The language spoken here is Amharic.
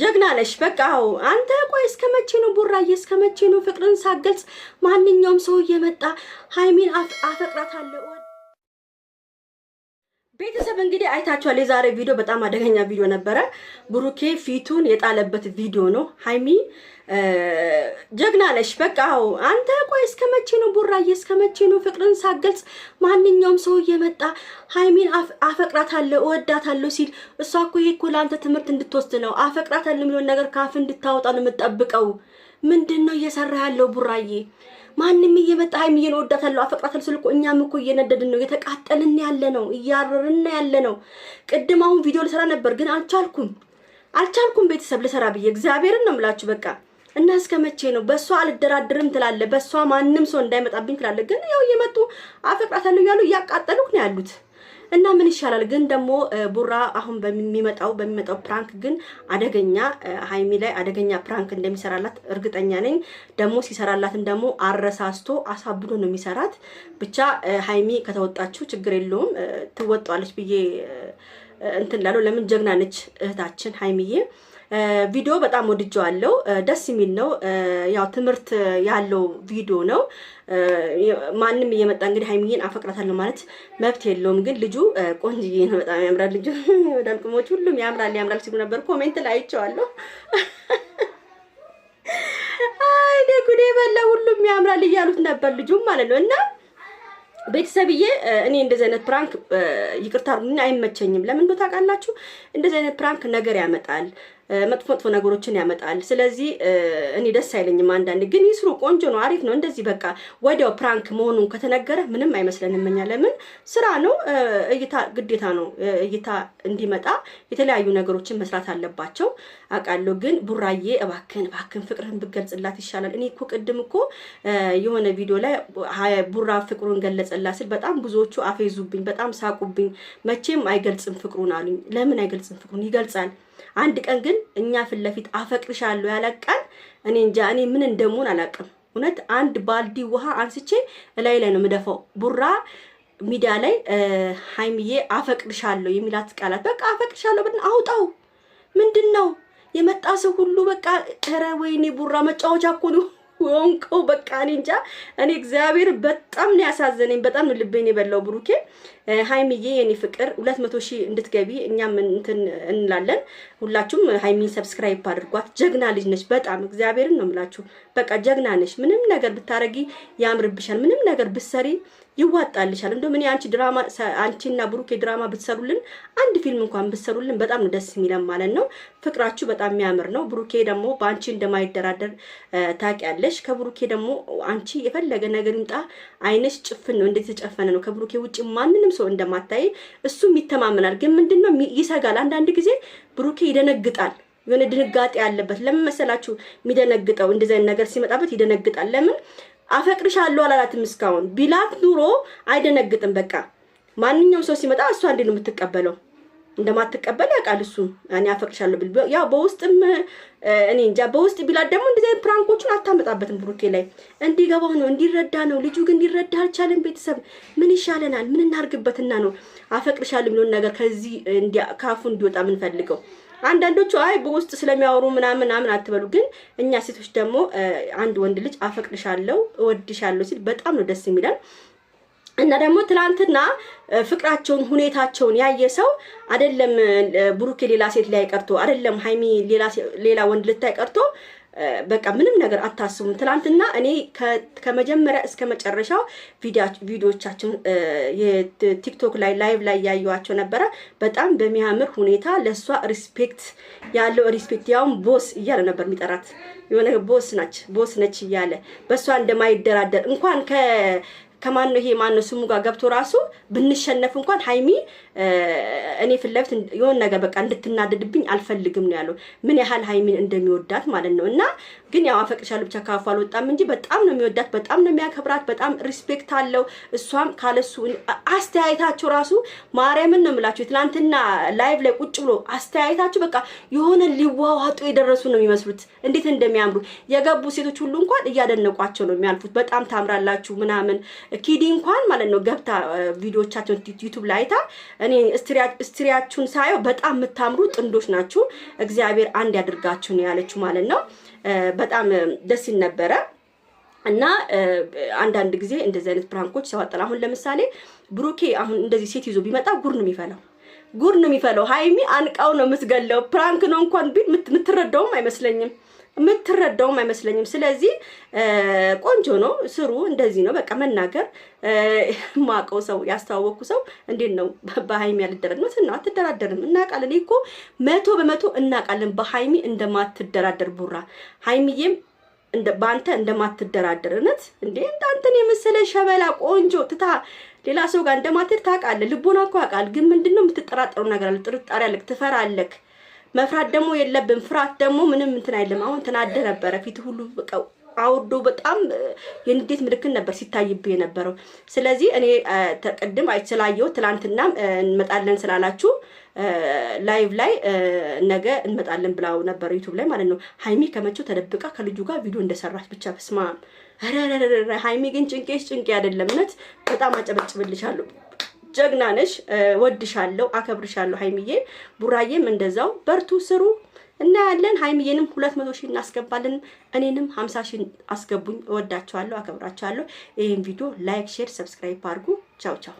ጀግና ነሽ። በቃ አዎ። አንተ ቆይ እስከ መቼ ነው ቡራዬ? እስከ መቼ ነው ፍቅርን ሳገልጽ ማንኛውም ሰው እየመጣ ሀይሚን አፈቅራታለሁ ቤተሰብ እንግዲህ አይታችኋል። የዛሬ ቪዲዮ በጣም አደገኛ ቪዲዮ ነበረ። ብሩኬ ፊቱን የጣለበት ቪዲዮ ነው። ሀይሚ ጀግና ነሽ። በቃ አዎ፣ አንተ ቆይ እስከ መቼ ነው ቡራዬ? እስከ መቼ ነው ፍቅርን ሳገልጽ ማንኛውም ሰው እየመጣ ሀይሚን አፈቅራታለሁ፣ እወዳታለሁ ሲል እሷ እኮ ይሄ እኮ ለአንተ ትምህርት እንድትወስድ ነው። አፈቅራታለሁ የሚለውን ነገር ካፍ እንድታወጣ ነው የምጠብቀው። ምንድን ነው እየሰራ ያለው ቡራዬ? ማንም እየመጣ ሀይሚዬን እወዳታለሁ አፈቅራታለሁ ስል እኮ እኛም እኮ እየነደድን ነው፣ እየተቃጠልን ያለ ነው፣ እያረርን ያለ ነው። ቅድም አሁን ቪዲዮ ልሰራ ነበር ግን አልቻልኩም፣ አልቻልኩም ቤተሰብ ልሰራ ብዬ እግዚአብሔርን ነው የምላችሁ በቃ እና እስከ መቼ ነው በእሷ አልደራድርም ትላለ፣ በእሷ ማንም ሰው እንዳይመጣብኝ ትላለ። ግን ያው እየመጡ አፈቅራታለሁ እያሉ እያቃጠሉክ ነው ያሉት። እና ምን ይሻላል ግን ደግሞ ቡራ አሁን በሚመጣው በሚመጣው ፕራንክ ግን አደገኛ ሀይሚ ላይ አደገኛ ፕራንክ እንደሚሰራላት እርግጠኛ ነኝ። ደግሞ ሲሰራላትም ደግሞ አረሳስቶ አሳብዶ ነው የሚሰራት። ብቻ ሀይሚ ከተወጣችው ችግር የለውም ትወጣለች ብዬ እንትን ላለው ለምን ጀግና ነች እህታችን ሀይሚዬ። ቪዲዮ በጣም ወድጀዋለሁ። ደስ የሚል ነው። ያው ትምህርት ያለው ቪዲዮ ነው። ማንም እየመጣ እንግዲህ ሀይሚዬን አፈቅራታለሁ ማለት መብት የለውም። ግን ልጁ ቆንጅዬ ነው፣ በጣም ያምራል ልጁ። ቅሞች ሁሉም ያምራል ያምራል ሲሉ ነበር፣ ኮሜንት ላይ አይቼዋለሁ። አይ ጉዴ በለ ሁሉም ያምራል እያሉት ነበር ልጁም ማለት ነው እና ቤተሰብዬ እኔ እንደዚህ አይነት ፕራንክ ይቅርታ አይመቸኝም። ለምን ታውቃላችሁ? እንደዚህ አይነት ፕራንክ ነገር ያመጣል። መጥፎ መጥፎ ነገሮችን ያመጣል። ስለዚህ እኔ ደስ አይለኝም። አንዳንድ ግን ይስሩ፣ ቆንጆ ነው፣ አሪፍ ነው። እንደዚህ በቃ ወዲያው ፕራንክ መሆኑን ከተነገረ ምንም አይመስለንም እኛ። ለምን ስራ ነው፣ እይታ ግዴታ ነው። እይታ እንዲመጣ የተለያዩ ነገሮችን መስራት አለባቸው አውቃለሁ። ግን ቡራዬ እባክን እባክን ፍቅርህን ብገልጽላት ይሻላል። እኔ እኮ ቅድም እኮ የሆነ ቪዲዮ ላይ ቡራ ፍቅሩን ገለጸላት ስል በጣም ብዙዎቹ አፌዙብኝ፣ በጣም ሳቁብኝ። መቼም አይገልጽም ፍቅሩን አሉኝ። ለምን አይገልጽም ፍቅሩን? ይገልጻል አንድ ቀን ግን እኛ ፊት ለፊት አፈቅርሻለሁ ያላት እኔ እንጃ እኔ ምን እንደምሆን አላውቅም። እውነት አንድ ባልዲ ውሃ አንስቼ እላይ ላይ ነው የምደፋው። ቡራ ሚዲያ ላይ ሀይሚዬ አፈቅርሻለሁ የሚላት ቃላት በቃ አፈቅርሻለሁ ብን አውጣው ምንድን ነው የመጣ ሰው ሁሉ በቃ ኧረ ወይኔ ቡራ መጫወቻ እኮ ነው። ወንቆ በቃ እኔ እንጃ። እኔ እግዚአብሔር በጣም ነው ያሳዘነኝ፣ በጣም ነው ልቤን የበላው። ብሩኬ ሀይሚዬ የኔ ፍቅር ሁለት መቶ ሺህ እንድትገቢ እኛም እንትን እንላለን። ሁላችሁም ሀይሚን ሰብስክራይብ አድርጓት። ጀግና ልጅ ነች፣ በጣም እግዚአብሔርን ነው የምላችሁ። በቃ ጀግና ነች። ምንም ነገር ብታረጊ ያምርብሻል፣ ምንም ነገር ብትሰሪ ይዋጣልሻል። እንደውም እኔ አንቺ ድራማ አንቺና ብሩኬ ድራማ ብትሰሩልን አንድ ፊልም እንኳን ብትሰሩልን በጣም ነው ደስ የሚለን ማለት ነው። ፍቅራችሁ በጣም የሚያምር ነው። ብሩኬ ደግሞ በአንቺ እንደማይደራደር ታውቂያለሽ። ከብሩኬ ደግሞ አንቺ የፈለገ ነገር ይምጣ አይነሽ ጭፍን ነው፣ እንደዚህ ተጨፈነ ነው። ከብሩኬ ውጭ ማንንም ሰው እንደማታይ እሱም ይተማመናል። ግን ምንድነው ይሰጋል። አንዳንድ ጊዜ ብሩኬ ይደነግጣል። የሆነ ድንጋጤ ያለበት ለምን መሰላችሁ? የሚደነግጠው እንደዚህ ነገር ሲመጣበት ይደነግጣል። ለምን አፈቅርሻለሁ አላላትም እስካሁን። ቢላት ኑሮ አይደነግጥም። በቃ ማንኛውም ሰው ሲመጣ እሷ እንዴት ነው የምትቀበለው? እንደማትቀበል ያውቃል እሱ። እኔ አፈቅርሻለሁ ብል ያው በውስጥም እኔ እንጃ በውስጥ ቢላት ደግሞ እንደዚህ ፕራንኮቹን አታመጣበትም ብሩኬ ላይ እንዲገባው ነው እንዲረዳ ነው። ልጁ ግን ሊረዳ አልቻለም። ቤተሰብ ምን ይሻለናል? ምን እናርግበትና ነው አፈቅርሻለሁ የሚለውን ነገር ከዚህ ካፉ እንዲወጣ የምንፈልገው? አንዳንዶቹ አይ በውስጥ ስለሚያወሩ ምናምን ምናምን አትበሉ። ግን እኛ ሴቶች ደግሞ አንድ ወንድ ልጅ አፈቅድሻለሁ፣ እወድሻለሁ ሲል በጣም ነው ደስ የሚላል። እና ደግሞ ትላንትና ፍቅራቸውን ሁኔታቸውን ያየ ሰው አይደለም ብሩኬ ሌላ ሴት ላይ ቀርቶ አይደለም ሀይሚ ሌላ ወንድ ልታይ ቀርቶ በቃ ምንም ነገር አታስቡም። ትናንትና እኔ ከመጀመሪያ እስከ መጨረሻው ቪዲዮቻችን ቲክቶክ ላይ ላይቭ ላይ ያየኋቸው ነበረ። በጣም በሚያምር ሁኔታ ለእሷ ሪስፔክት ያለው ሪስፔክት ያውም ቦስ እያለ ነበር የሚጠራት የሆነ ቦስ ናች ቦስ ነች እያለ በእሷ እንደማይደራደር እንኳን ከማን ነው ይሄ ማን ነው ስሙ ጋር ገብቶ ራሱ ብንሸነፍ እንኳን ሀይሚ እኔ ፊት ለፊት ነገር በቃ እንድትናደድብኝ አልፈልግም ነው ያለው። ምን ያህል ሀይሚን እንደሚወዳት ማለት ነው። እና ግን ያው አፈቅሻለሁ ብቻ ካፉ አልወጣም እንጂ በጣም ነው የሚወዳት፣ በጣም ነው የሚያከብራት፣ በጣም ሪስፔክት አለው። እሷም ካለሱ አስተያየታቸው ራሱ ማርያምን ነው የምላቸው ትናንትና ላይቭ ላይ ቁጭ ብሎ አስተያየታቸው በቃ የሆነ ሊዋዋጡ የደረሱ ነው የሚመስሉት እንዴት እንደሚያምሩ የገቡ ሴቶች ሁሉ እንኳን እያደነቋቸው ነው የሚያልፉት። በጣም ታምራላችሁ ምናምን ኪዲ እንኳን ማለት ነው ገብታ ቪዲዮቻቸውን ዩቱብ ላይ አይታ እኔ ስትሪያችሁን ሳየው በጣም የምታምሩ ጥንዶች ናችሁ፣ እግዚአብሔር አንድ ያድርጋችሁ ነው ያለችው ማለት ነው። በጣም ደስ ሲል ነበረ። እና አንዳንድ ጊዜ እንደዚህ አይነት ፕራንኮች ሰዋጠል አሁን ለምሳሌ ብሩኬ አሁን እንደዚህ ሴት ይዞ ቢመጣ ጉር ነው የሚፈለው ጉር ነው የሚፈለው። ሀይሚ አንቃው ነው የምትገለው። ፕራንክ ነው እንኳን ቢል የምትረዳውም አይመስለኝም። የምትረዳውም አይመስለኝም። ስለዚህ ቆንጆ ነው፣ ስሩ፣ እንደዚህ ነው በቃ መናገር። ማቀው ሰው ያስተዋወቅኩ ሰው እንዴት ነው በሀይሚ ያልደረድ ነው ስና አትደራደርም፣ እናውቃለን እኮ መቶ በመቶ እናውቃለን በሀይሚ እንደማትደራደር ቡራ ሀይሚዬም በአንተ እንደማትደራደር እውነት እንዴ አንተን የመሰለ ሸበላ ቆንጆ ትታ ሌላ ሰው ጋር እንደማትሄድ ታውቃለህ። ልቦና እኮ ያውቃል። ግን ምንድነው የምትጠራጠሩ ነገር አለ፣ ጥርጣሬ አለክ፣ ትፈራለክ መፍራት ደግሞ የለብን። ፍርሃት ደግሞ ምንም እንትን አይደለም። አሁን ተናደ ነበረ ፊት ሁሉ አውርዶ በጣም የንዴት ምልክት ነበር ሲታይብህ የነበረው። ስለዚህ እኔ ቅድም አይተላየው ትላንትና እንመጣለን ስላላችሁ ላይቭ ላይ ነገ እንመጣለን ብላው ነበር ዩቱብ ላይ ማለት ነው። ሀይሚ ከመቼው ተደብቃ ከልጁ ጋር ቪዲዮ እንደሰራች ብቻ በስማ ሀይሚ ግን ጭንቄስ ጭንቄ አይደለም። እውነት በጣም አጨበጭብልሻለሁ። ጀግና ነሽ። ወድሻለሁ፣ አከብርሻለሁ ሀይሚዬ። ቡራዬም እንደዛው በርቱ፣ ስሩ እናያለን። ሀይሚዬንም ሁለት መቶ ሺህ እናስገባለን። እኔንም ሀምሳ ሺህ አስገቡኝ። እወዳቸዋለሁ፣ አከብራቸዋለሁ። ይህን ቪዲዮ ላይክ፣ ሼር፣ ሰብስክራይብ አድርጉ። ቻው ቻው